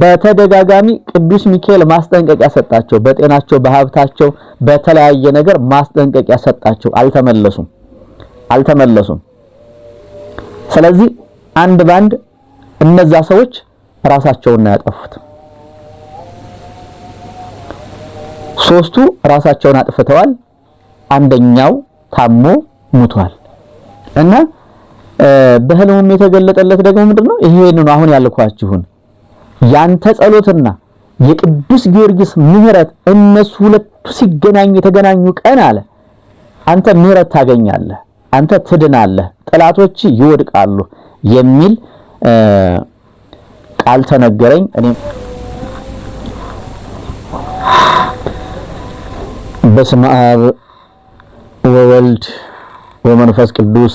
በተደጋጋሚ ቅዱስ ሚካኤል ማስጠንቀቂያ ሰጣቸው። በጤናቸው፣ በሀብታቸው፣ በተለያየ ነገር ማስጠንቀቂያ ሰጣቸው። አልተመለሱም አልተመለሱም። ስለዚህ አንድ ባንድ እነዛ ሰዎች ራሳቸውን ነው ያጠፉት። ሶስቱ ራሳቸውን አጥፍተዋል። አንደኛው ታሞ ሙቷል እና በህልሙም የተገለጠለት ደግሞ ምንድነው? ይሄንን አሁን ያልኳችሁን ያንተ ጸሎትና የቅዱስ ጊዮርጊስ ምህረት እነሱ ሁለቱ ሲገናኙ የተገናኙ ቀን አለ አንተ ምህረት ታገኛለህ፣ አንተ ትድናለህ፣ ጠላቶች ይወድቃሉ የሚል ቃል ተነገረኝ። እኔም በስመ አብ ወወልድ ወመንፈስ ቅዱስ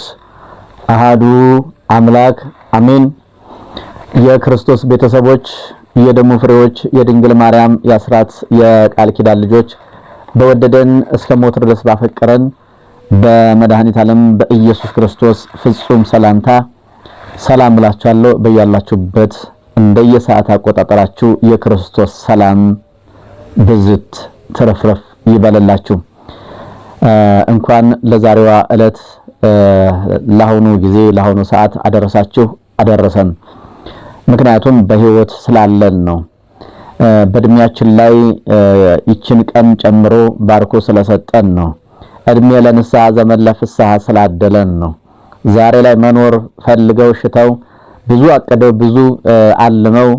አሃዱ አምላክ አሜን። የክርስቶስ ቤተሰቦች፣ የደሙ ፍሬዎች፣ የድንግል ማርያም የአስራት የቃል ኪዳን ልጆች በወደደን እስከ ሞት ድረስ ባፈቀረን በመድኃኒት ዓለም በኢየሱስ ክርስቶስ ፍጹም ሰላምታ ሰላም ብላችኋለሁ። በያላችሁበት እንደየሰዓት አቆጣጠራችሁ የክርስቶስ ሰላም ብዝት ትርፍርፍ ይበላላችሁ እንኳን ለዛሬዋ ዕለት ለአሁኑ ጊዜ ለአሁኑ ሰዓት አደረሳችሁ አደረሰን። ምክንያቱም በህይወት ስላለን ነው። በእድሜያችን ላይ ይችን ቀን ጨምሮ ባርኮ ስለሰጠን ነው። እድሜ ለንስሐ ዘመን ለፍስሐ ስላደለን ነው። ዛሬ ላይ መኖር ፈልገው ሽተው ብዙ አቅደው ብዙ አልመው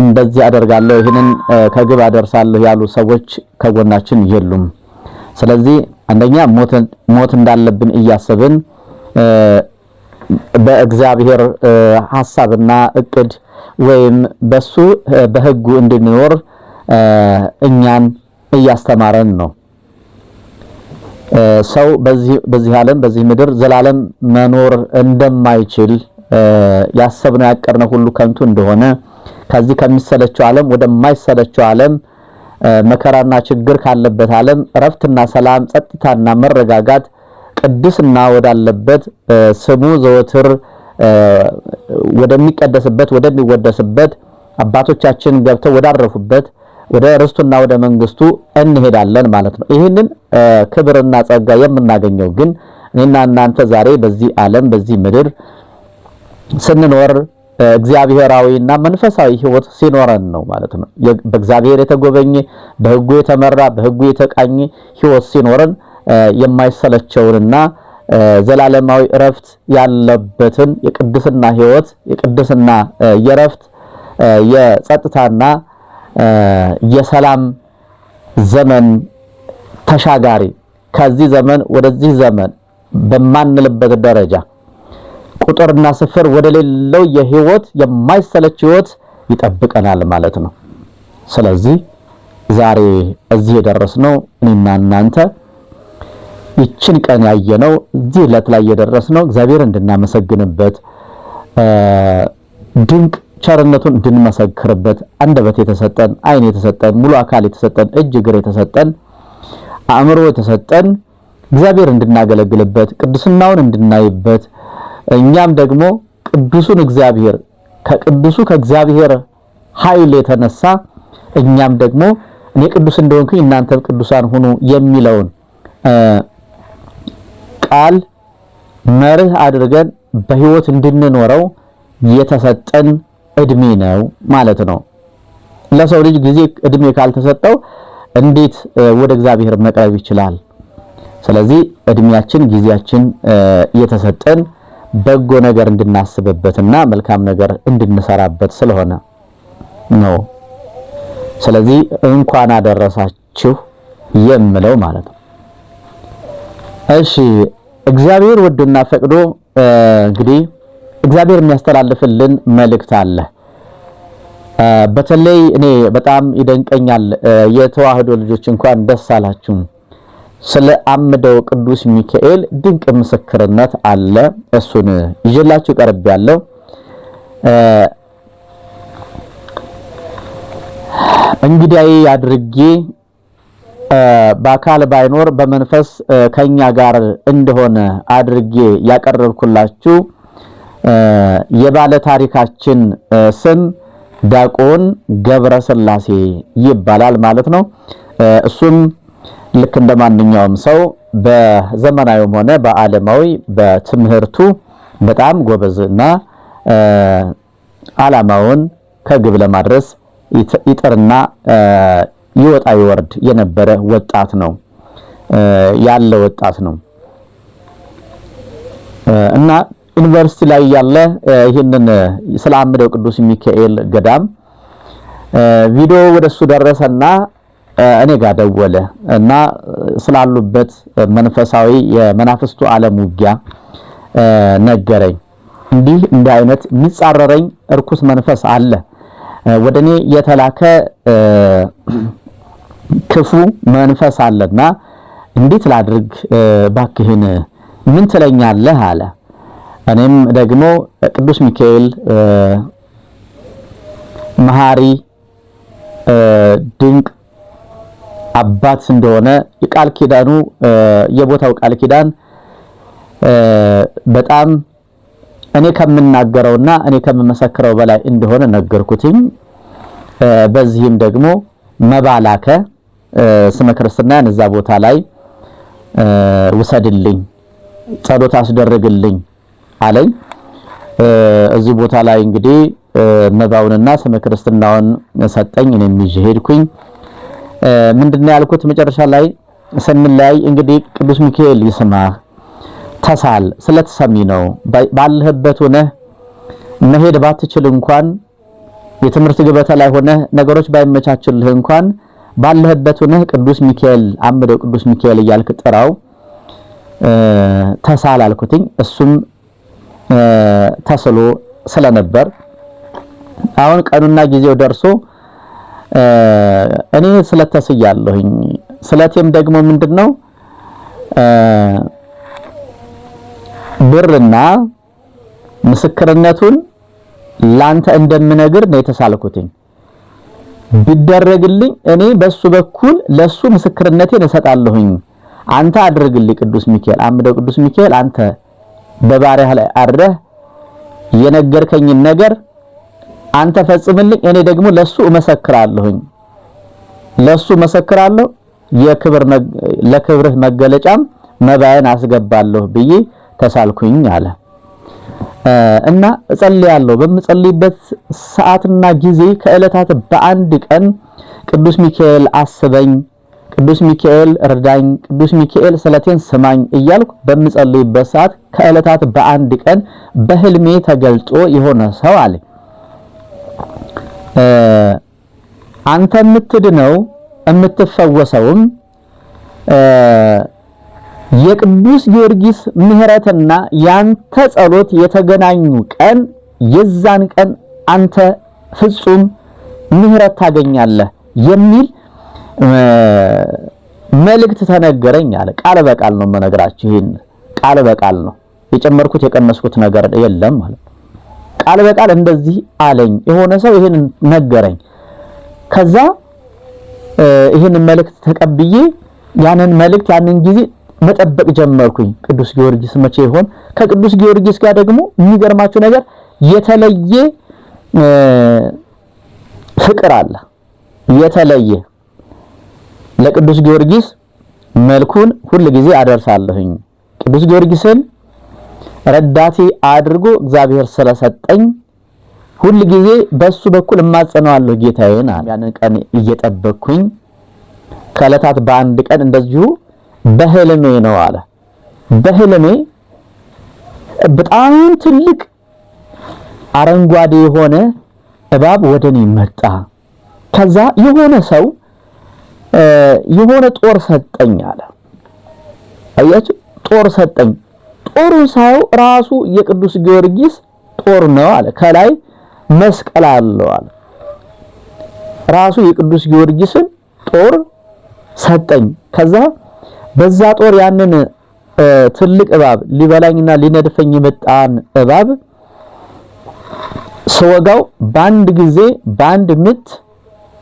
እንደዚህ አደርጋለሁ ይህንን ከግብ አደርሳለሁ ያሉ ሰዎች ከጎናችን የሉም። ስለዚህ አንደኛ ሞት እንዳለብን እያሰብን በእግዚአብሔር ሐሳብና እቅድ ወይም በሱ በህጉ እንድንኖር እኛን እያስተማረን ነው። ሰው በዚህ ዓለም በዚህ ምድር ዘላለም መኖር እንደማይችል ያሰብነው ያቀርነው ሁሉ ከንቱ እንደሆነ ከዚህ ከሚሰለቸው ዓለም ወደማይሰለቸው ዓለም መከራና ችግር ካለበት ዓለም እረፍትና ሰላም፣ ጸጥታና መረጋጋት ቅድስና ወዳለበት ስሙ ዘወትር ወደሚቀደስበት ወደሚወደስበት አባቶቻችን ገብተው ወዳረፉበት ወደ ርስቱና ወደ መንግስቱ እንሄዳለን ማለት ነው። ይህንን ክብርና ጸጋ የምናገኘው ግን እኔና እናንተ ዛሬ በዚህ ዓለም በዚህ ምድር ስንኖር እግዚአብሔራዊና መንፈሳዊ ሕይወት ሲኖረን ነው ማለት ነው። በእግዚአብሔር የተጎበኘ በሕጉ የተመራ በሕጉ የተቃኘ ሕይወት ሲኖረን የማይሰለቸውንና ዘላለማዊ እረፍት ያለበትን የቅድስና ህይወት የቅድስና የእረፍት የጸጥታና የሰላም ዘመን ተሻጋሪ ከዚህ ዘመን ወደዚህ ዘመን በማንልበት ደረጃ ቁጥርና ስፍር ወደሌለው የህይወት የማይሰለች ህይወት ይጠብቀናል ማለት ነው። ስለዚህ ዛሬ እዚህ የደረስነው እኔና እናንተ ይችን ቀን ያየነው እዚህ ዕለት ላይ የደረስነው እግዚአብሔር እንድናመሰግንበት ድንቅ ቸርነቱን እንድንመሰክርበት አንደበት የተሰጠን፣ ዓይን የተሰጠን፣ ሙሉ አካል የተሰጠን፣ እጅ እግር የተሰጠን፣ አእምሮ የተሰጠን እግዚአብሔር እንድናገለግልበት ቅዱስናውን እንድናይበት እኛም ደግሞ ቅዱሱን እግዚአብሔር ከቅዱሱ ከእግዚአብሔር ኃይል የተነሳ እኛም ደግሞ እኔ ቅዱስ እንደሆንኩኝ እናንተም ቅዱሳን ሁኑ የሚለውን ቃል መርህ አድርገን በህይወት እንድንኖረው የተሰጠን እድሜ ነው ማለት ነው። ለሰው ልጅ ጊዜ እድሜ ካልተሰጠው እንዴት ወደ እግዚአብሔር መቅረብ ይችላል? ስለዚህ እድሜያችን፣ ጊዜያችን የተሰጠን በጎ ነገር እንድናስብበትና መልካም ነገር እንድንሰራበት ስለሆነ ነው። ስለዚህ እንኳን አደረሳችሁ የምለው ማለት ነው። እሺ እግዚአብሔር ወዶና ፈቅዶ እንግዲህ እግዚአብሔር የሚያስተላልፍልን መልእክት አለ። በተለይ እኔ በጣም ይደንቀኛል። የተዋህዶ ልጆች እንኳን ደስ አላችሁ። ስለ አምደው ቅዱስ ሚካኤል ድንቅ ምስክርነት አለ። እሱን ይዤላችሁ ቀርብ ያለው እንግዳዬ አድርጌ በአካል ባይኖር በመንፈስ ከኛ ጋር እንደሆነ አድርጌ ያቀረብኩላችሁ የባለ ታሪካችን ስም ዲያቆን ገብረስላሴ ይባላል ማለት ነው። እሱም ልክ እንደ ማንኛውም ሰው በዘመናዊም ሆነ በዓለማዊ በትምህርቱ በጣም ጎበዝና ዓላማውን ከግብ ለማድረስ ይጥርና ይወጣ ይወርድ የነበረ ወጣት ነው ያለ ወጣት ነው እና ዩኒቨርሲቲ ላይ ያለ ይህንን ስለ አምደው ቅዱስ ሚካኤል ገዳም ቪዲዮ ወደሱ ደረሰና እኔ ጋር ደወለ እና ስላሉበት መንፈሳዊ የመናፍስቱ ዓለም ውጊያ ነገረኝ። እንዲህ እንዲህ አይነት የሚጻረረኝ እርኩስ መንፈስ አለ ወደ እኔ የተላከ ክፉ መንፈስ አለና እንዴት ላድርግ ባክህን ምን ትለኛለህ አለ። እኔም ደግሞ ቅዱስ ሚካኤል መሐሪ ድንቅ አባት እንደሆነ የቃል ኪዳኑ የቦታው ቃል ኪዳን በጣም እኔ ከምናገረውና እኔ ከምመሰክረው በላይ እንደሆነ ነገርኩትኝ። በዚህም ደግሞ መባላከ ስመ ክርስትናን እዛ ቦታ ላይ ውሰድልኝ፣ ጸሎት አስደረግልኝ አለኝ። እዚህ ቦታ ላይ እንግዲህ መባውንና ስመ ክርስትናውን ሰጠኝ። እኔም ይዤ ሄድኩኝ። ምንድን ነው ያልኩት መጨረሻ ላይ ስንለያይ እንግዲህ ቅዱስ ሚካኤል ይስማህ፣ ተሳል ስለተሰሚ ነው ባለህበት ሆነህ መሄድ ባትችል እንኳን የትምህርት ገበታ ላይ ሆነህ ነገሮች ባይመቻችልህ እንኳን ባለህበት ሆነህ ቅዱስ ሚካኤል አምደው ቅዱስ ሚካኤል እያልክ ጥራው ተሳል አልኩትኝ። እሱም ተስሎ ስለነበር አሁን ቀኑና ጊዜው ደርሶ እኔ ስለት ተስያለሁኝ። ስለቴም ደግሞ ምንድነው ብርና ምስክርነቱን ላንተ እንደምነግር ነው የተሳልኩትኝ። ቢደረግልኝ እኔ በሱ በኩል ለሱ ምስክርነቴን እሰጣለሁኝ። አንተ አድርግልኝ ቅዱስ ሚካኤል አምደው ቅዱስ ሚካኤል አንተ በባሪያህ ላይ አድረህ የነገርከኝን ነገር አንተ ፈጽምልኝ፣ እኔ ደግሞ ለሱ እመሰክራለሁኝ ለሱ መሰክራለሁ የክብር ለክብርህ መገለጫም መባየን አስገባለሁ ብዬ ተሳልኩኝ አለ። እና እጸልያለሁ። በምጸልይበት ሰዓትና ጊዜ ከእለታት በአንድ ቀን ቅዱስ ሚካኤል አስበኝ፣ ቅዱስ ሚካኤል እርዳኝ፣ ቅዱስ ሚካኤል ስለቴን ስማኝ እያልኩ በምጸልይበት ሰዓት ከእለታት በአንድ ቀን በህልሜ ተገልጦ የሆነ ሰው አለ አንተ የምትድነው የምትፈወሰውም የቅዱስ ጊዮርጊስ ምሕረትና ያንተ ጸሎት የተገናኙ ቀን የዛን ቀን አንተ ፍጹም ምሕረት ታገኛለህ የሚል መልእክት ተነገረኝ አለ። ቃል በቃል ነው መነግራችሁ። ይሄን ቃል በቃል ነው የጨመርኩት የቀነስኩት ነገር የለም ማለት ቃል በቃል እንደዚህ አለኝ። የሆነ ሰው ይሄን ነገረኝ። ከዛ ይሄን መልእክት ተቀብዬ ያንን መልእክት ያንን ጊዜ መጠበቅ ጀመርኩኝ። ቅዱስ ጊዮርጊስ መቼ ይሆን? ከቅዱስ ጊዮርጊስ ጋር ደግሞ የሚገርማችሁ ነገር የተለየ ፍቅር አለ። የተለየ ለቅዱስ ጊዮርጊስ መልኩን ሁል ጊዜ አደርሳለሁኝ። ቅዱስ ጊዮርጊስን ረዳቴ አድርጎ እግዚአብሔር ስለሰጠኝ ሁል ጊዜ በሱ በኩል እማጸነዋለሁ ጌታዬን። ያንን ቀን እየጠበቅኩኝ ከዕለታት በአንድ ቀን እንደዚሁ በህልሜ ነው አለ። በህልሜ በጣም ትልቅ አረንጓዴ የሆነ እባብ ወደ እኔ መጣ። ከዛ የሆነ ሰው የሆነ ጦር ሰጠኝ አለ። አያችሁ፣ ጦር ሰጠኝ። ጦሩን ሳየው ራሱ የቅዱስ ጊዮርጊስ ጦር ነው አለ። ከላይ መስቀል አለው አለ። ራሱ የቅዱስ ጊዮርጊስን ጦር ሰጠኝ። ከዛ በዛ ጦር ያንን ትልቅ እባብ ሊበላኝና ሊነድፈኝ የመጣን እባብ ስወጋው በአንድ ጊዜ በአንድ ምት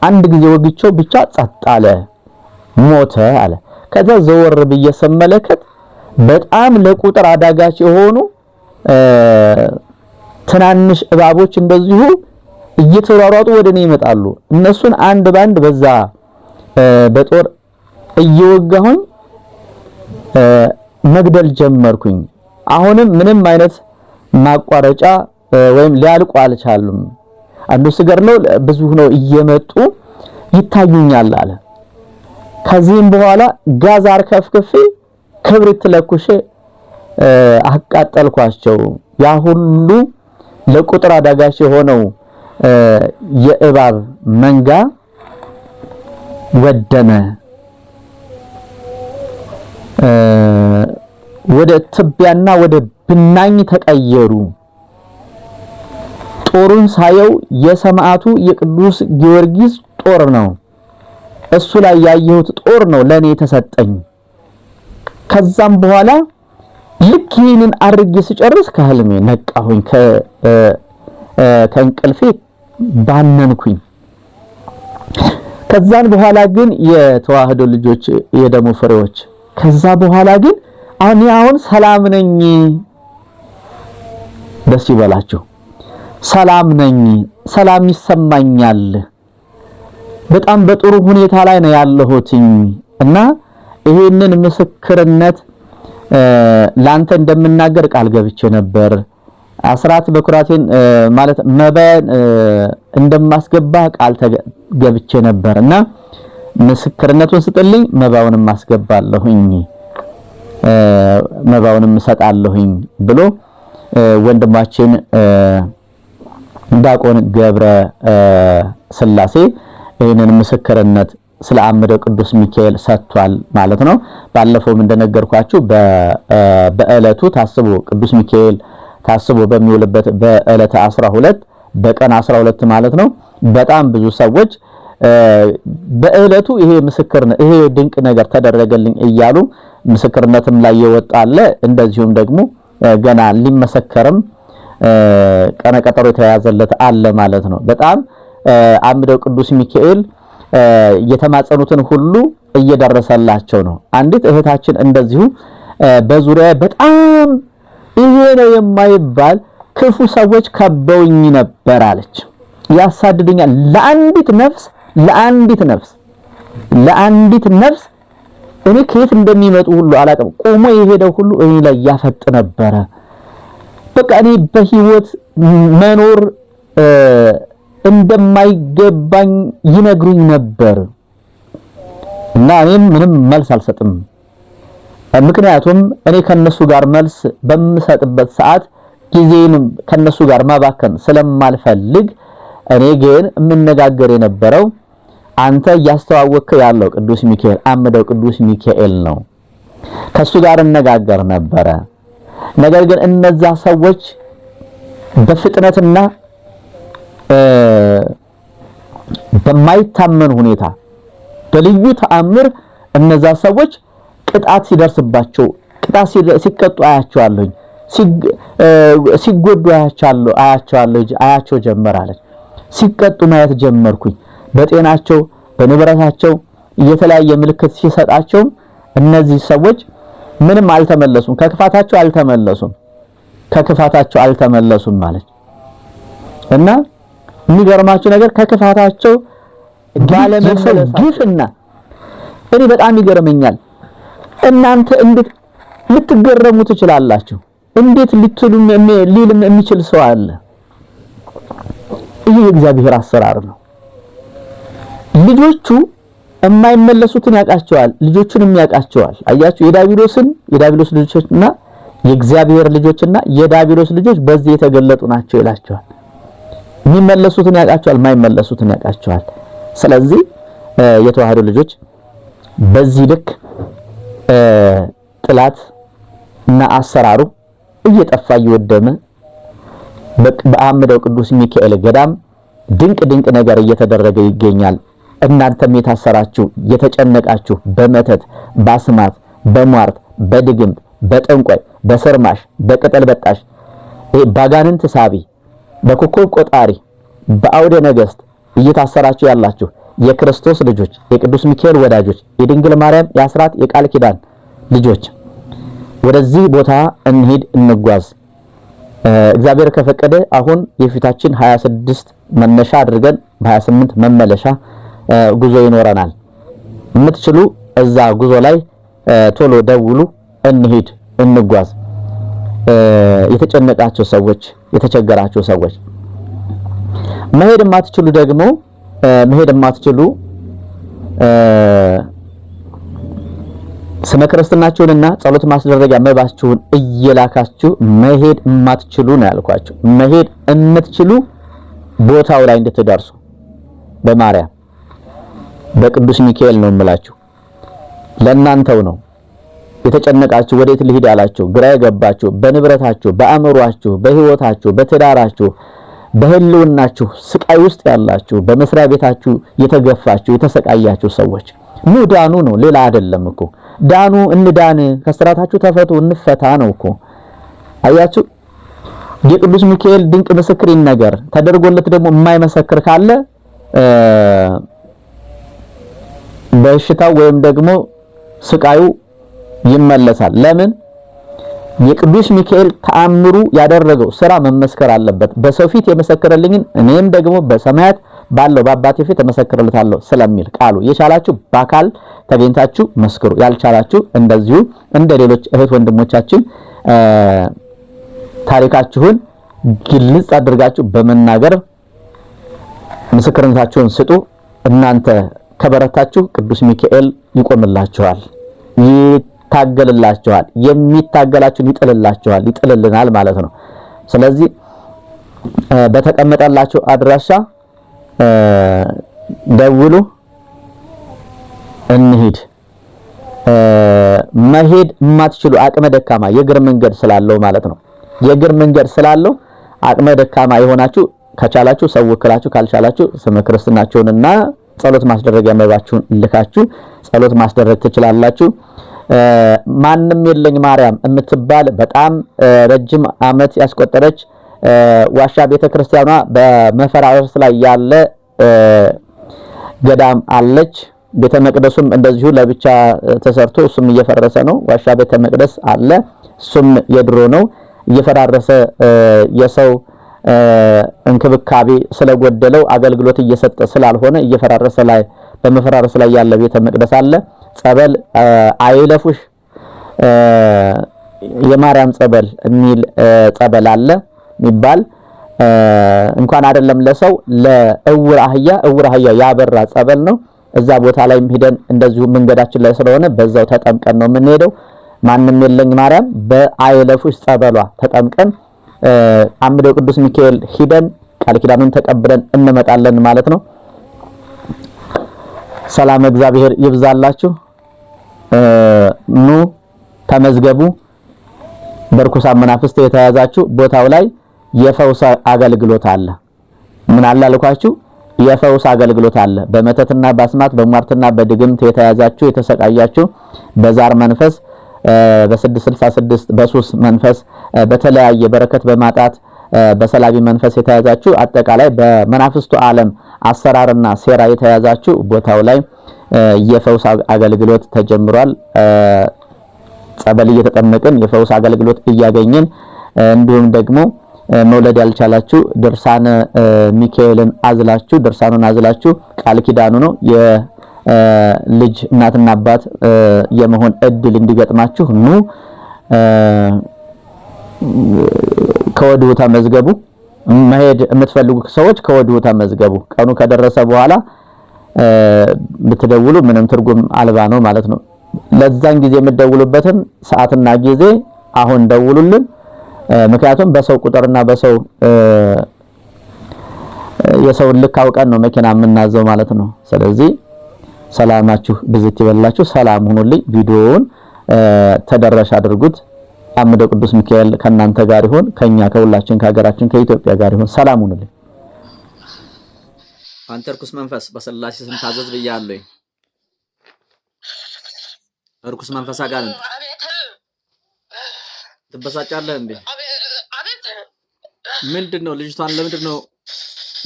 አንድ ጊዜ ወግቾ ብቻ ጸጥ አለ፣ ሞተ አለ። ከዛ ዘወር ብዬ ስመለከት በጣም ለቁጥር አዳጋች የሆኑ ትናንሽ እባቦች እንደዚሁ እየተሯሯጡ ወደ እኔ ይመጣሉ። እነሱን አንድ ባንድ በዛ በጦር እየወጋሁኝ መግደል ጀመርኩኝ። አሁንም ምንም አይነት ማቋረጫ ወይም ሊያልቁ አልቻሉም። አንዱ ስገር ነው ብዙ ሆነው እየመጡ ይታዩኛል አለ። ከዚህም በኋላ ጋዝ አርከፍክፌ ክብሪት ለኩሼ አቃጠልኳቸው። ያ ሁሉ ለቁጥር አዳጋች የሆነው የእባብ መንጋ ወደመ። ወደ ትቢያና ወደ ብናኝ ተቀየሩ። ጦሩን ሳየው የሰማዕቱ የቅዱስ ጊዮርጊስ ጦር ነው። እሱ ላይ ያየሁት ጦር ነው ለኔ ተሰጠኝ ከዛም በኋላ ልክ ይህንን አድርጌ ስጨርስ ከህልሜ ነቃሁኝ፣ ከእንቅልፌ ባነንኩኝ። ከዛን በኋላ ግን የተዋህዶ ልጆች የደሙ ፍሬዎች ከዛ በኋላ ግን እኔ አሁን ሰላም ነኝ። ደስ ይበላችሁ። ሰላም ነኝ፣ ሰላም ይሰማኛል፣ በጣም በጥሩ ሁኔታ ላይ ነው ያለሁትኝ እና ይሄንን ምስክርነት ላንተ እንደምናገር ቃል ገብቼ ነበር። አስራት በኩራቴን ማለት መበያን እንደማስገባ ቃል ገብቼ ነበር እና ምስክርነቱን ስጥልኝ መባውንም አስገባለሁኝ መባውንም እሰጣለሁኝ ብሎ ወንድማችን ዲያቆን ገብረ ስላሴ ይህንን ምስክርነት ስለ አምደ ቅዱስ ሚካኤል ሰጥቷል ማለት ነው። ባለፈውም እንደነገርኳችሁ በእለቱ ታስቦ ቅዱስ ሚካኤል ታስቦ በሚውልበት በእለተ 12 በቀን 12 ማለት ነው በጣም ብዙ ሰዎች በእለቱ ይሄ ምስክር ይሄ ድንቅ ነገር ተደረገልኝ እያሉ ምስክርነትም ላይ የወጣለ እንደዚሁም ደግሞ ገና ሊመሰከርም ቀነቀጠሮ የተያዘለት አለ ማለት ነው። በጣም አምደው ቅዱስ ሚካኤል የተማጸኑትን ሁሉ እየደረሰላቸው ነው። አንዲት እህታችን እንደዚሁ በዙሪያ በጣም ይሄ ነው የማይባል ክፉ ሰዎች ከበውኝ ነበር አለች። ያሳድዱኛል ለአንዲት ነፍስ ለአንዲት ነፍስ ለአንዲት ነፍስ እኔ ከየት እንደሚመጡ ሁሉ አላቅም። ቆሞ የሄደው ሁሉ እኔ ላይ ያፈጥ ነበረ። በቃ እኔ በህይወት መኖር እንደማይገባኝ ይነግሩኝ ነበር እና እኔም ምንም መልስ አልሰጥም። ምክንያቱም እኔ ከነሱ ጋር መልስ በምሰጥበት ሰዓት ጊዜን ከነሱ ጋር ማባከን ስለማልፈልግ እኔ ግን የምነጋገር የነበረው አንተ እያስተዋወቅከው ያለው ቅዱስ ሚካኤል አምደው ቅዱስ ሚካኤል ነው። ከሱ ጋር እነጋገር ነበረ። ነገር ግን እነዛ ሰዎች በፍጥነትና በማይታመን ሁኔታ በልዩ ተአምር እነዛ ሰዎች ቅጣት ሲደርስባቸው ቅጣት ሲቀጡ አያቸዋለሁኝ፣ ሲጎዱ አያቸዋለሁ አያቸው ጀመር አለች። ሲቀጡ ማየት ጀመርኩኝ። በጤናቸው በንብረታቸው የተለያየ ምልክት ሲሰጣቸው እነዚህ ሰዎች ምንም አልተመለሱም፣ ከክፋታቸው አልተመለሱም፣ ከክፋታቸው አልተመለሱም ማለት እና የሚገርማችሁ ነገር ከክፋታቸው ባለመመለሳቸው ግፍና እኔ በጣም ይገርመኛል። እናንተ እንዴት ልትገረሙ ትችላላችሁ? እንዴት ልትሉም ሊልም የሚችል ሰው አለ? ይህ የእግዚአብሔር አሰራር ነው። ልጆቹ የማይመለሱትን ያውቃቸዋል፣ ልጆቹንም ያውቃቸዋል። አያችሁ የዳቢሎስን የዳቢሎስ ልጆችና የእግዚአብሔር ልጆችና የዳቢሎስ ልጆች በዚህ የተገለጡ ናቸው ይላቸዋል። የሚመለሱትን ያውቃቸዋል፣ የማይመለሱትን ያውቃቸዋል። ስለዚህ የተዋህዶ ልጆች በዚህ ልክ ጥላት እና አሰራሩ እየጠፋ እየወደመ በአምደው ቅዱስ ሚካኤል ገዳም ድንቅ ድንቅ ነገር እየተደረገ ይገኛል። እናንተም የታሰራችሁ የተጨነቃችሁ በመተት ባስማት በሟርት በድግምት በጠንቋይ በሰርማሽ በቅጠል በጣሽ ባጋንንት ሳቢ በኮከብ ቆጣሪ በአውደ ነገስት እየታሰራችሁ ያላችሁ የክርስቶስ ልጆች የቅዱስ ሚካኤል ወዳጆች የድንግል ማርያም የአስራት የቃል ኪዳን ልጆች ወደዚህ ቦታ እንሂድ፣ እንጓዝ። እግዚአብሔር ከፈቀደ አሁን የፊታችን 26 መነሻ አድርገን በ28 መመለሻ ጉዞ ይኖረናል። የምትችሉ እዛ ጉዞ ላይ ቶሎ ደውሉ፣ እንሂድ፣ እንጓዝ። የተጨነቃችሁ ሰዎች፣ የተቸገራችሁ ሰዎች መሄድ የማትችሉ ደግሞ መሄድ የማትችሉ ስመ ክርስትናችሁንና ጸሎት ማስደረጊያ መባችሁን እየላካችሁ መሄድ የማትችሉ ነው ያልኳችሁ። መሄድ የምትችሉ ቦታው ላይ እንድትደርሱ በማርያም በቅዱስ ሚካኤል ነው የምላችሁ። ለእናንተው ነው የተጨነቃችሁ ወዴት ልሂድ አላችሁ፣ ግራ የገባችሁ በንብረታችሁ፣ በአእምሯችሁ፣ በህይወታችሁ፣ በትዳራችሁ፣ በህልውናችሁ ስቃይ ውስጥ ያላችሁ በመስሪያ ቤታችሁ የተገፋችሁ የተሰቃያችሁ ሰዎች ኑ ዳኑ ነው። ሌላ አይደለም እኮ ዳኑ፣ እንዳን፣ ከስራታችሁ ተፈቱ፣ እንፈታ ነው እኮ አያችሁ። የቅዱስ ሚካኤል ድንቅ ምስክር ይነገር ተደርጎለት ደግሞ የማይመሰክር ካለ በሽታው ወይም ደግሞ ስቃዩ ይመለሳል። ለምን? የቅዱስ ሚካኤል ተአምሩ ያደረገው ስራ መመስከር አለበት። በሰው ፊት የመሰከረልኝን እኔም ደግሞ በሰማያት ባለው በአባቴ ፊት እመሰክርለታለሁ ስለሚል ቃሉ የቻላችሁ በአካል ተገኝታችሁ መስክሩ፣ ያልቻላችሁ እንደዚሁ እንደ ሌሎች እህት ወንድሞቻችን ታሪካችሁን ግልጽ አድርጋችሁ በመናገር ምስክርነታችሁን ስጡ እናንተ ከበረታችሁ ቅዱስ ሚካኤል ይቆምላችኋል፣ ይታገልላችኋል። የሚታገላችሁን ይጥልላችኋል፣ ይጥልልናል ማለት ነው። ስለዚህ በተቀመጠላችሁ አድራሻ ደውሉ፣ እንሂድ። መሄድ የማትችሉ አቅመ ደካማ የእግር መንገድ ስላለው ማለት ነው። የእግር መንገድ ስላለው አቅመ ደካማ የሆናችሁ ከቻላችሁ ሰው ወክላችሁ፣ ካልቻላችሁ ስመ ክርስትናችሁንና ጸሎት ማስደረጊያ መባችሁን ልካችሁ ጸሎት ማስደረግ ትችላላችሁ። ማንም የለኝ ማርያም የምትባል በጣም ረጅም ዓመት ያስቆጠረች ዋሻ ቤተክርስቲያኗ በመፈራረስ ላይ ያለ ገዳም አለች። ቤተ መቅደሱም እንደዚሁ ለብቻ ተሰርቶ እሱም እየፈረሰ ነው። ዋሻ ቤተ መቅደስ አለ፣ እሱም የድሮ ነው እየፈራረሰ የሰው እንክብካቤ ስለጎደለው አገልግሎት እየሰጠ ስላልሆነ እየፈራረሰ ላይ በመፈራረስ ላይ ያለ ቤተ መቅደስ አለ። ጸበል አይለፉሽ የማርያም ጸበል የሚል ጸበል አለ የሚባል እንኳን አይደለም ለሰው ለእውር አህያ እውር አህያ ያበራ ጸበል ነው። እዛ ቦታ ላይ ሂደን እንደዚሁ መንገዳችን ላይ ስለሆነ በዛው ተጠምቀን ነው የምንሄደው። ማንም የለኝ ማርያም በአይለፉሽ ጸበሏ ተጠምቀን አምደው ቅዱስ ሚካኤል ሂደን ቃል ኪዳኑን ተቀብለን እንመጣለን ማለት ነው። ሰላም እግዚአብሔር ይብዛላችሁ። ኑ ተመዝገቡ። በርኩሳን መናፍስት የተያዛችሁ ቦታው ላይ የፈውስ አገልግሎት አለ። ምን አላልኳችሁ? የፈውስ አገልግሎት አለ። በመተትና በአስማት በሟርትና በድግምት የተያዛችሁ የተሰቃያችሁ፣ በዛር መንፈስ በ666 በሱስ መንፈስ በተለያየ በረከት በማጣት በሰላቢ መንፈስ የተያዛችሁ አጠቃላይ በመናፍስቱ ዓለም አሰራርና ሴራ የተያዛችሁ ቦታው ላይ የፈውስ አገልግሎት ተጀምሯል። ጸበል እየተጠመቅን የፈውስ አገልግሎት እያገኘን እንዲሁም ደግሞ መውለድ ያልቻላችሁ ድርሳነ ሚካኤልን አዝላችሁ ድርሳኑን አዝላችሁ ቃል ኪዳኑ ነው ልጅ እናትና አባት የመሆን እድል እንዲገጥማችሁ ኑ ከወዲሁ ተመዝገቡ። መሄድ የምትፈልጉ ሰዎች ከወዲሁ ተመዝገቡ። ቀኑ ከደረሰ በኋላ ብትደውሉ ምንም ትርጉም አልባ ነው ማለት ነው። ለዛን ጊዜ የምትደውሉበትን ሰዓትና ጊዜ አሁን ደውሉልን። ምክንያቱም በሰው ቁጥርና በሰው የሰውን ልክ አውቀን ነው መኪና የምናዘው ማለት ነው። ስለዚህ ሰላማችሁ ብዝት ይበላችሁ። ሰላም ሁኑልኝ። ቪዲዮውን ተደራሽ አድርጉት። አምደ ቅዱስ ሚካኤል ከእናንተ ጋር ይሁን፣ ከኛ ከሁላችን ከሀገራችን ከኢትዮጵያ ጋር ይሁን። ሰላም ሁኑልኝ። አንተ እርኩስ መንፈስ በስላሴ ስም ታዘዝ ብያለሁ። እርኩስ መንፈስ ጋር ትበሳጫለህ እንዴ? ምንድን ነው ልጅቷን ለምንድን ነው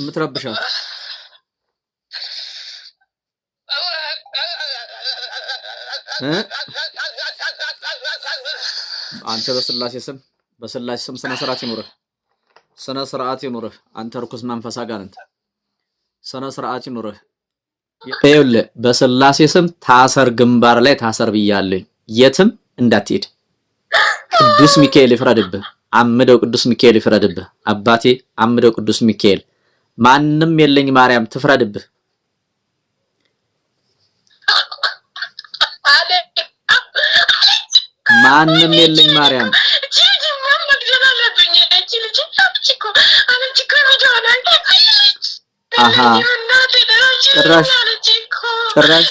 የምትረብሻት? አንተ በስላሴ ስም በስላሴ ስም ስነ ስርዓት ይኑርህ፣ ስነ ስርዓት ይኑርህ። አንተ ርኩስ መንፈስ አጋንንት ስነ ስርዓት ይኑርህ። ይኸውልህ በስላሴ ስም ታሰር፣ ግንባር ላይ ታሰር ብያለኝ። የትም እንዳትሄድ። ቅዱስ ሚካኤል ይፍረድብህ። አምደው ቅዱስ ሚካኤል ይፍረድብህ። አባቴ አምደው ቅዱስ ሚካኤል ማንም የለኝ ማርያም ትፍረድብህ። ማንም የለኝ ማርያም አሀ ጭራሽ ጭራሽ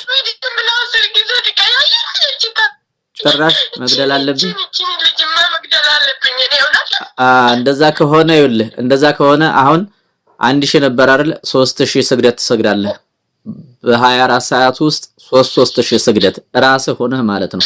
ጭራሽ መግደል አለብኝ። እንደዛ ከሆነ ይኸውልህ፣ እንደዛ ከሆነ አሁን አንድ ሺህ ነበር አይደል? ሶስት ሺህ ስግደት ትሰግዳለህ በ ሰዓት ውስጥ ሶስት ሶስት ሺህ ስግደት ራስህ ሆነህ ማለት ነው።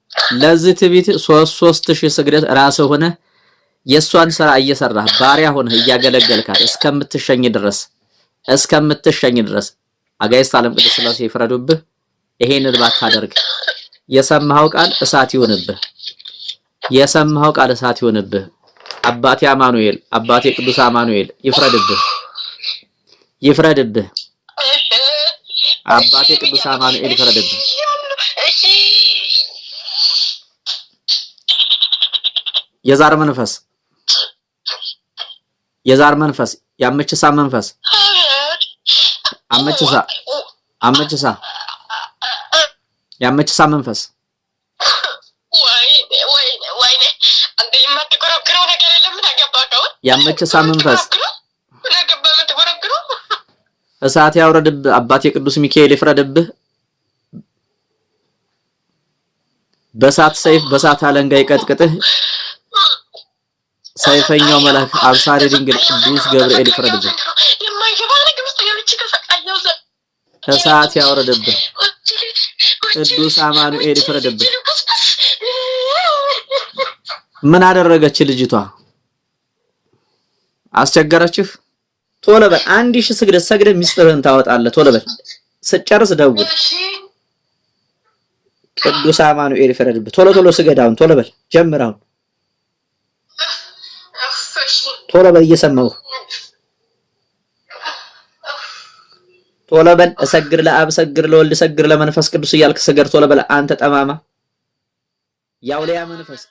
ለዚህ ትቢት ሶስት ሶስት ሺህ ስግደት ራስ ሆነ የእሷን ስራ እየሰራ ባሪያ ሆነ እያገለገልካት እስከምትሸኝ ድረስ እስከምትሸኝ ድረስ አጋይስት ዓለም ቅዱስ ሥላሴ ይፍረዱብህ። ይሄንን ባታደርግ የሰማኸው ቃል እሳት ይሆንብህ። የሰማኸው ቃል እሳት ይሆንብህ። አባቴ አማኑኤል፣ አባቴ ቅዱስ አማኑኤል ይፍረድብህ፣ ይፍረድብህ። አባቴ ቅዱስ አማኑኤል ይፍረድብህ። የዛር መንፈስ የዛር መንፈስ የአመችሳ መንፈስ አመችሳ አመችሳ የአመችሳ መንፈስ የአመችሳ መንፈስ እሳት ያውረድብህ አባቴ ቅዱስ ሚካኤል ይፍረድብህ። በእሳት ሰይፍ በእሳት አለንጋ ይቀጥቅጥህ። ሰይፈኛው መልአክ አብሳሪ ድንግል ቅዱስ ገብርኤል ይፍረድብን፣ ከሰዓት ያወረደብን ቅዱስ አማኑኤል ይፍረድብን። ምን አደረገች ልጅቷ? አስቸገረችህ? ቶሎ በል አንድ ሺህ ስግደት ሰግደ ሚስጥርህን ታወጣለህ። ቶሎ በል ስጨርስ ደውል። ቅዱስ አማኑኤል ይፍረድብህ። ቶሎ ቶሎ ስገድ አሁን፣ ቶሎ በል ጀምር አሁን። ቶሎ በል እየሰማሁ ቶሎ በል እሰግር ለአብ እሰግር ለወልድ እሰግር ለመንፈስ ቅዱስ እያልክ ስገድ ቶሎ በል አንተ ጠማማ ያውለያ መንፈስ